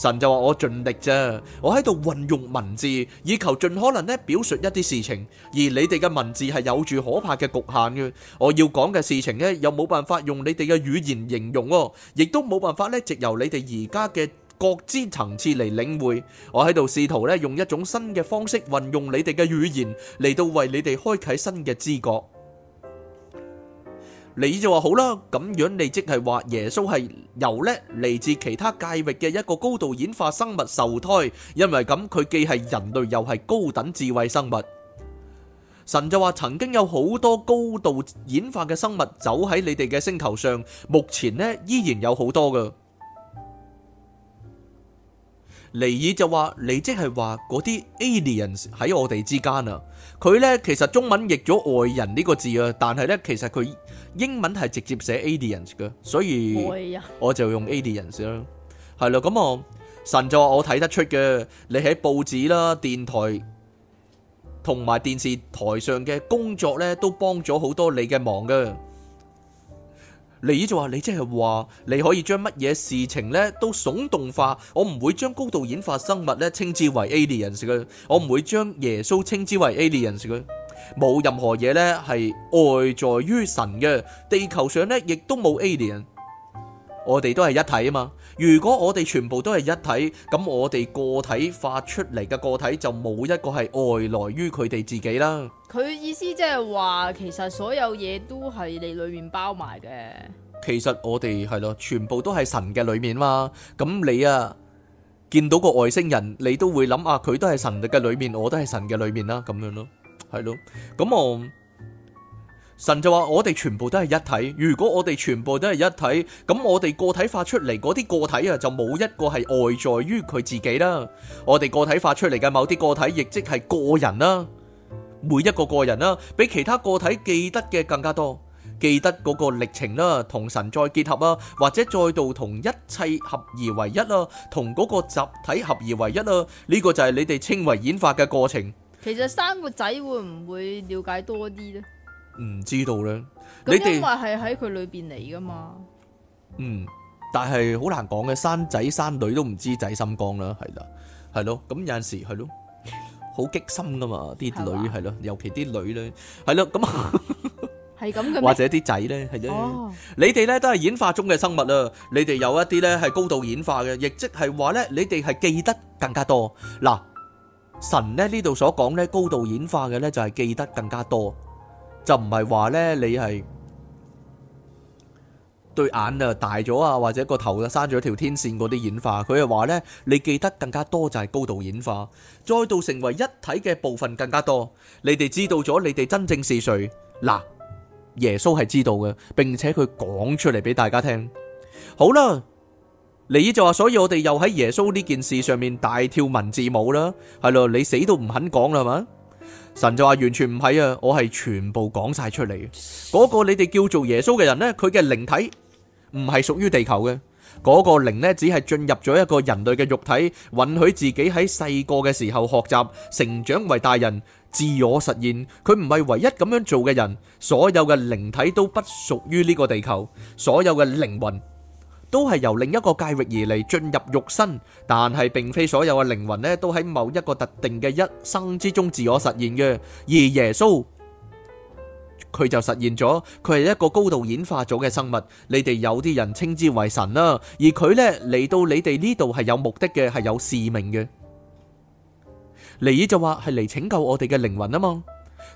神就話：我盡力啫，我喺度運用文字，以求盡可能咧表述一啲事情。而你哋嘅文字係有住可怕嘅局限嘅，我要講嘅事情呢，又冇辦法用你哋嘅語言形容，亦都冇辦法咧，藉由你哋而家嘅各知層次嚟領會。我喺度試圖咧用一種新嘅方式運用你哋嘅語言，嚟到為你哋開啟新嘅知覺。尼爾就話，好啦，咁樣你即係話耶穌係由呢嚟自其他界域嘅一個高度演化生物受胎，因為咁佢既係人類又係高等智慧生物。神就話，曾經有好多高度演化嘅生物走喺你哋嘅星球上，目前呢依然有好多噶。尼爾就話，你即係話嗰啲 alien 喺我哋之間啊，佢呢其實中文譯咗外人呢個字啊，但係呢其實佢。英文係直接寫 aliens 嘅，所以我就用 aliens 啦。係咯，咁我神就話，我睇得出嘅，你喺報紙啦、電台同埋電視台上嘅工作咧，都幫咗好多你嘅忙嘅。你就話，你即係話，你可以將乜嘢事情咧都聳動化，我唔會將高度演化生物咧稱之為 aliens 嘅，我唔會將耶穌稱之為 aliens 嘅。冇任何嘢呢係外在於神嘅，地球上呢亦都冇 alien，我哋都係一體啊嘛。如果我哋全部都係一體，咁我哋個體化出嚟嘅個體就冇一個係外來於佢哋自己啦。佢意思即係話，其實所有嘢都係你裏面包埋嘅。其實我哋係咯，全部都係神嘅裏面嘛。咁你啊見到個外星人，你都會諗啊，佢都係神嘅裏面，我都係神嘅裏面啦，咁樣咯。係咯，咁我神就話我哋全部都係一體。如果我哋全部都係一體，咁我哋個體化出嚟嗰啲個體啊，就冇一個係外在於佢自己啦。我哋個體化出嚟嘅某啲個體，亦即係個人啦，每一個個人啦，比其他個體記得嘅更加多，記得嗰個歷程啦，同神再結合啊，或者再度同一切合而為一啦，同嗰個集體合而為一啦，呢個就係你哋稱為演化嘅過程。其實生個仔會唔會了解多啲咧？唔知道咧。咁因為係喺佢裏邊嚟噶嘛。嗯，但係好難講嘅，生仔生女都唔知仔心肝啦，係啦，係咯。咁有陣時係咯，好激心噶嘛，啲女係咯，尤其啲女咧，係咯，咁啊，係咁嘅。或者啲仔咧，係咧。你哋咧都係演化中嘅生物啊！你哋有一啲咧係高度演化嘅，亦即係話咧，你哋係記得更加多嗱。神咧，呢度所講呢，高度演化嘅呢，就係記得更加多，就唔係話呢，你係對眼啊大咗啊或者個頭啊生咗條天線嗰啲演化，佢係話呢，你記得更加多就係高度演化，再度成為一體嘅部分更加多，你哋知道咗你哋真正是誰嗱，耶穌係知道嘅，並且佢講出嚟俾大家聽，好啦。你就話，所以我哋又喺耶穌呢件事上面大跳文字舞啦，係咯，你死都唔肯講啦，係嘛？神就話完全唔係啊，我係全部講晒出嚟嘅。嗰個你哋叫做耶穌嘅人呢，佢嘅靈體唔係屬於地球嘅，嗰個靈呢，只係進入咗一個人類嘅肉體，允許自己喺細個嘅時候學習，成長為大人，自我實現。佢唔係唯一咁樣做嘅人，所有嘅靈體都不屬於呢個地球，所有嘅靈魂。都係由另一個界域而嚟，進入肉身，但係並非所有嘅靈魂咧都喺某一個特定嘅一生之中自我實現嘅，而耶穌佢就實現咗，佢係一個高度演化咗嘅生物。你哋有啲人稱之為神啦，而佢咧嚟到你哋呢度係有目的嘅，係有使命嘅。尼爾就話係嚟拯救我哋嘅靈魂啊嘛。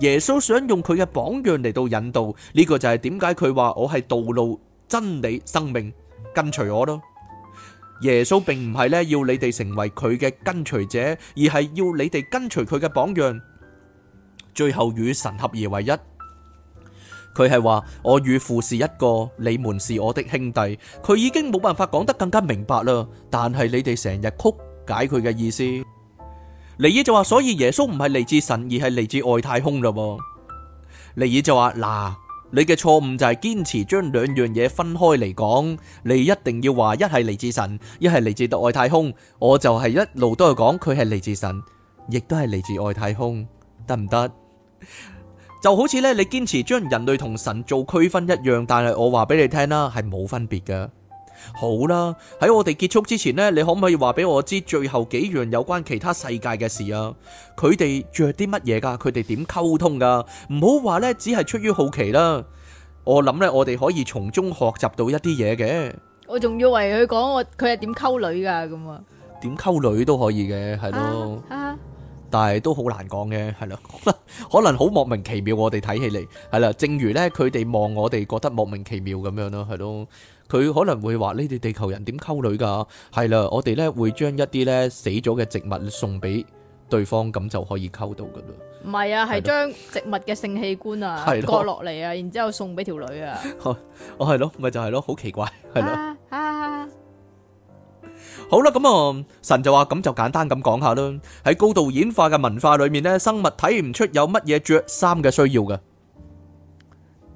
耶穌想用佢嘅榜樣嚟到引導，呢個就係點解佢話我係道路、真理、生命，跟隨我咯。耶穌並唔係咧要你哋成為佢嘅跟隨者，而係要你哋跟隨佢嘅榜樣，最後與神合而為一。佢係話我與父是一個，你們是我的兄弟。佢已經冇辦法講得更加明白啦，但係你哋成日曲解佢嘅意思。尼爾就話，所以耶穌唔係嚟自神，而係嚟自外太空咯。尼爾就話，嗱，你嘅錯誤就係堅持將兩樣嘢分開嚟講，你一定要話一係嚟自神，一係嚟自外太空。我就係一路都係講佢係嚟自神，亦都係嚟自外太空，得唔得？就好似咧，你堅持將人類同神做區分一樣，但係我話俾你聽啦，係冇分別嘅。好啦，喺我哋結束之前呢，你可唔可以話俾我知最後幾樣有關其他世界嘅事啊？佢哋着啲乜嘢噶？佢哋點溝通噶？唔好話呢，只係出於好奇啦。我諗呢，我哋可以從中學習到一啲嘢嘅。我仲以為佢講我佢係點溝女噶咁啊？點溝女都可以嘅，係咯。哈哈哈哈，但係都好難講嘅，係咯。可能好莫名其妙我，我哋睇起嚟係啦。正如呢，佢哋望我哋覺得莫名其妙咁樣咯，係咯。佢可能會話：你哋地球人點溝女㗎？係啦，我哋咧會將一啲咧死咗嘅植物送俾對方，咁就可以溝到噶啦。唔係啊，係將植物嘅性器官啊割落嚟啊，然之後送俾條女啊。哦，係咯，咪就係咯，好奇怪，係咯。好啦，咁啊，神就話：咁就簡單咁講下啦。喺高度演化嘅文化裏面咧，生物睇唔出有乜嘢著衫嘅需要㗎，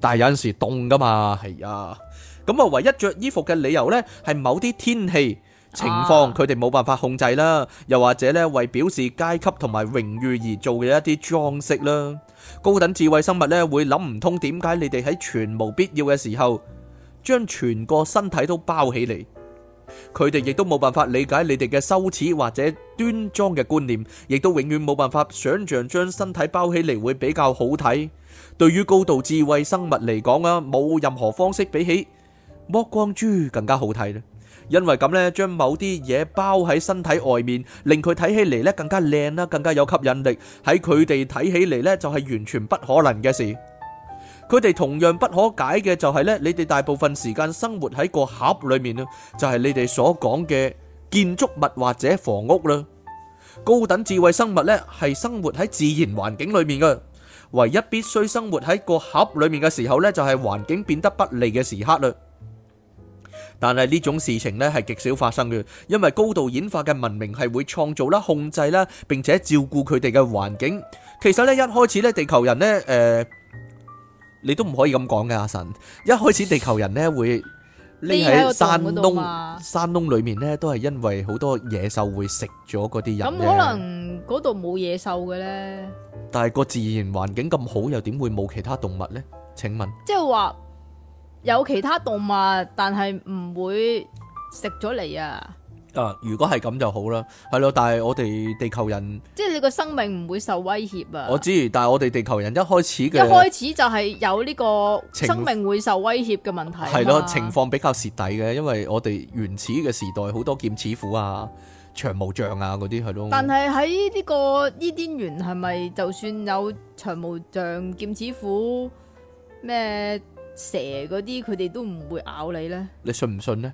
但係有陣時凍噶嘛，係啊。咁啊，唯一著衣服嘅理由呢，係某啲天氣情況，佢哋冇辦法控制啦。又或者呢，為表示階級同埋榮譽而做嘅一啲裝飾啦。高等智慧生物呢，會諗唔通點解你哋喺全無必要嘅時候，將全個身體都包起嚟。佢哋亦都冇辦法理解你哋嘅羞恥或者端莊嘅觀念，亦都永遠冇辦法想像將身體包起嚟會比較好睇。對於高度智慧生物嚟講啊，冇任何方式比起剝光豬更加好睇咧，因為咁咧，將某啲嘢，包喺身體外面，令佢睇起嚟咧更加靚啦，更加有吸引力。喺佢哋睇起嚟咧就係完全不可能嘅事。佢哋同樣不可解嘅就係咧，你哋大部分時間生活喺個盒裏面啦，就係、是、你哋所講嘅建築物或者房屋啦。高等智慧生物咧係生活喺自然環境裏面㗎，唯一必須生活喺個盒裏面嘅時候咧，就係環境變得不利嘅時刻啦。但係呢種事情咧係極少發生嘅，因為高度演化嘅文明係會創造啦、控制啦，並且照顧佢哋嘅環境。其實咧一開始咧地球人咧誒，你都唔可以咁講嘅，阿神。一開始地球人咧會匿喺山窿，山窿裏面咧都係因為好多野獸會食咗嗰啲人。咁可能嗰度冇野獸嘅咧？但係個自然環境咁好，又點會冇其他動物咧？請問，即係話。有其他動物，但係唔會食咗你啊！啊，如果係咁就好啦，係咯。但係我哋地球人，即係你個生命唔會受威脅啊！我知，但係我哋地球人一開始嘅一開始就係有呢個生命會受威脅嘅問題，係咯，情況比較蝕底嘅。因為我哋原始嘅時代好多劍齒虎啊、長毛象啊嗰啲係咯。些但係喺呢個伊甸園係咪就算有長毛象、劍齒虎咩？蛇嗰啲佢哋都唔會咬你咧，你信唔信咧？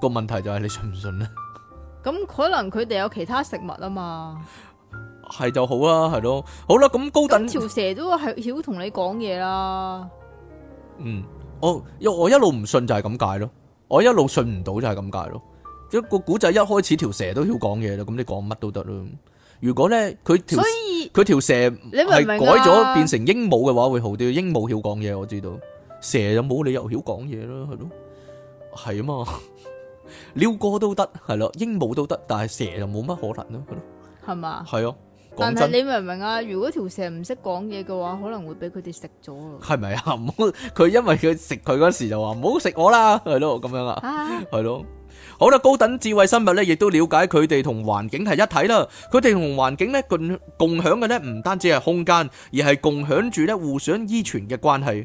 個問題就係你信唔信咧？咁可能佢哋有其他食物啊嘛，係就好啦，係咯，好啦，咁高等條蛇都係曉同你講嘢啦。嗯，我我一路唔信就係咁解咯，我一路信唔到就係咁解咯。一個古仔一開始條蛇都曉講嘢啦，咁你講乜都得咯。如果咧佢條佢條蛇你咪改咗變成鸚鵡嘅話，會好啲。鸚鵡曉講嘢，我知道。蛇就冇理由曉講嘢咯，係咯，係啊嘛，鷯哥都得，係咯，鸚鵡都得，但係蛇就冇乜可能咯，係嘛，係啊，但係你明唔明啊？如果條蛇唔識講嘢嘅話，可能會俾佢哋食咗啊！係咪啊？唔好佢因為佢食佢嗰時就話唔好食我啦，係咯咁樣啊，係咯，好啦，高等智慧生物咧，亦都了解佢哋同環境係一體啦，佢哋同環境咧共共享嘅咧，唔單止係空間，而係共享住咧互相依存嘅關係。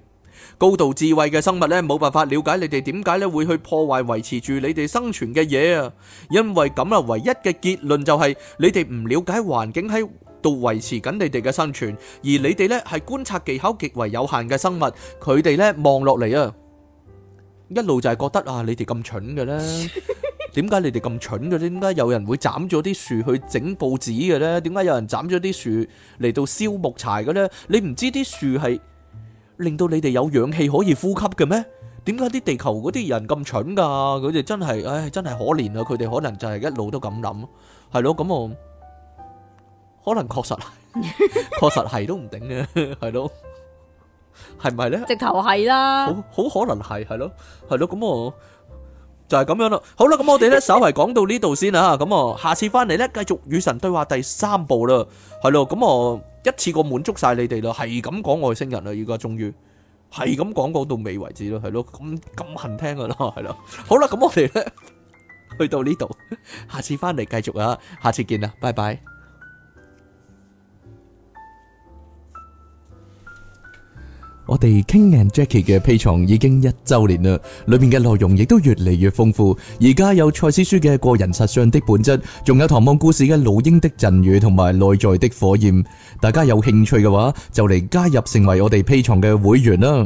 高度智慧嘅生物咧，冇辦法了解你哋點解咧會去破壞維持住你哋生存嘅嘢啊！因為咁啊，唯一嘅結論就係你哋唔了解環境喺度維持緊你哋嘅生存，而你哋咧係觀察技巧極為有限嘅生物，佢哋咧望落嚟啊，一路就係覺得啊，你哋咁蠢嘅咧？點解你哋咁蠢嘅？點解有人會斬咗啲樹去整報紙嘅咧？點解有人斬咗啲樹嚟到燒木柴嘅咧？你唔知啲樹係令到你哋有氧氣可以呼吸嘅咩？點解啲地球嗰啲人咁蠢噶？佢哋真係，唉，真係可憐啊！佢哋可能就係一路都咁諗，係咯？咁我可能確實，確實係都唔定嘅，係咯？係咪咧？直頭係啦，好，好可能係，係咯，係咯。咁我就係咁樣咯。好啦，咁我哋咧，稍為講到呢度先啊。咁啊，下次翻嚟咧，繼續《與神對話》第三部啦。係咯，咁我。一次過滿足晒你哋咯，係咁講外星人啦，而家終於係咁講講到尾為止咯，係咯，咁咁恨聽噶啦，係咯，好啦，咁我哋咧去到呢度，下次翻嚟繼續啊，下次見啦，拜拜。我哋 King and Jackie 嘅 Patreon 已經一周年啦，裏面嘅內容亦都越嚟越豐富。而家有賽斯書嘅個人實相的本質，仲有《唐望故事》嘅老鷹的贈予同埋內在的火焰。大家有興趣嘅話，就嚟加入成為我哋 Patreon 嘅會員啦！